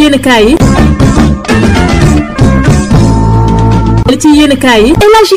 yéenekaay yi ci yéenekaay yi El Hadji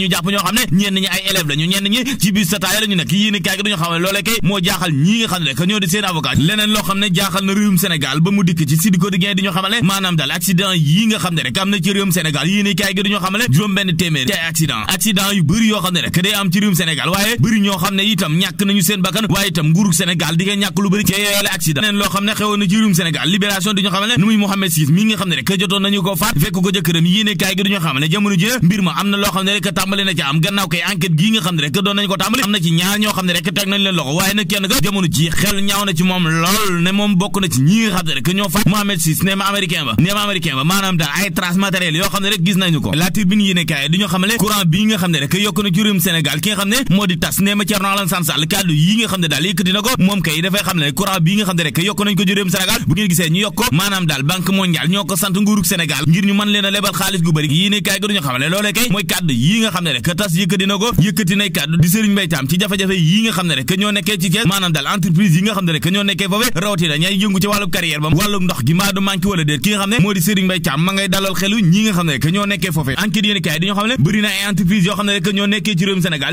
ñu jàpp ñoo xam ne ñenn ñi ay élève la ñu ñi ci biir sataaya la nekk yéen gi dañu xam ne kay moo jaaxal ñi nga xam ne rek ñoo di seen avocat leneen loo xam ne jaaxal nañu seen bakkan waaye itam nguurug Sénégal di ñu xamal nu muy Mohamed Siis mi nga xam ne rek jotoon nañu ko faat fekk ko jëkkëram yéen gi dañu xamal ne jamono mbir ma am na loo xam ne rek tàmbali na ci am gannaaw koy enquête gii nga xam ne rek doon nañ ko tàmbali am na ci ñaar ñoo xam ne rek teg nañ leen loxo waaye nag kenn ka jamono ji xel ñaaw na ci moom lool ne moom bokk na ci ñi nga xam ne rek ñoo fa Mohamed Sis neema américain ba neema américain ba maanaam daal ay traces matérielles yoo xam ne rek gis nañu ko laatir bi ñu yéene kaay di ñoo xamale courant bii nga xam ne rek yokk na ci réewum Sénégal ki nga xam ne moo di tas neema Thierno Alassane Sall kàddu yi nga xam ne daal yëkkati na ko moom kay dafay xam ne courant bii nga xam ne rek yokk nañ ko ci réewum Sénégal bu ngeen gisee ñu yokk ko maanaam daal banque mondiale ñoo ko sant nguurug Sénégal ngir ñu mën leen a lebal xaalis gu bëri yéene kaay ga duñu xamale loolee kay mooy kàddu yi nga nga xam ne rek tas yëkkati ko yëkkati nay di Serigne Mbaye Thiam ci jafe-jafe yi nga xam ne rek ñoo nekkee ci Thiès maanaam daal entreprise yi nga xam ne rek ñoo nekkee ci wàllub carrière ba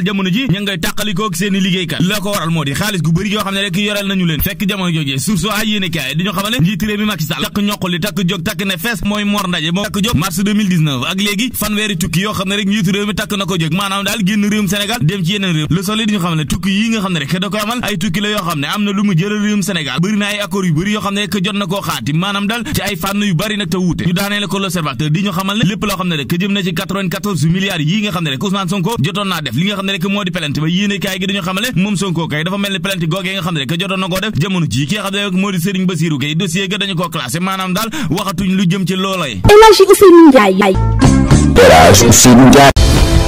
jamono ji ña ngay tàqalikoo ak seeni liggéeykat la ko waral moo di xaalis gu bëri yoo xam ne rek yoreel nañu leen fekk jamono jooje source ay yéen kaay di ñoo xam njiit réew mi Macky takk ñoquli takk jóg takk ne fees mooy mor ndaje moo takk jóg dakk na ko jóg maanaam daal génn réewum Sénégal dem ci yeneen réew le soleil di ñu xam ne tukki yi nga xam ne rek da ko amal ne ay fànn yu bëri nag te wuute ñu daanee la ko l'observateur di ñu xamal ne lépp loo xam ne rek jëm na ci 94 yi nga xam ne rek Ousmane Sonko jotoon naa def li nga xam ne rek moo di plainte ba yéene kaay gi dañu xamale moom Sonko kay dafa mel ni plainte googee nga xam ne rek jotoon na koo def jamono ji ki xam ne rek Interage Seydou Ndiaye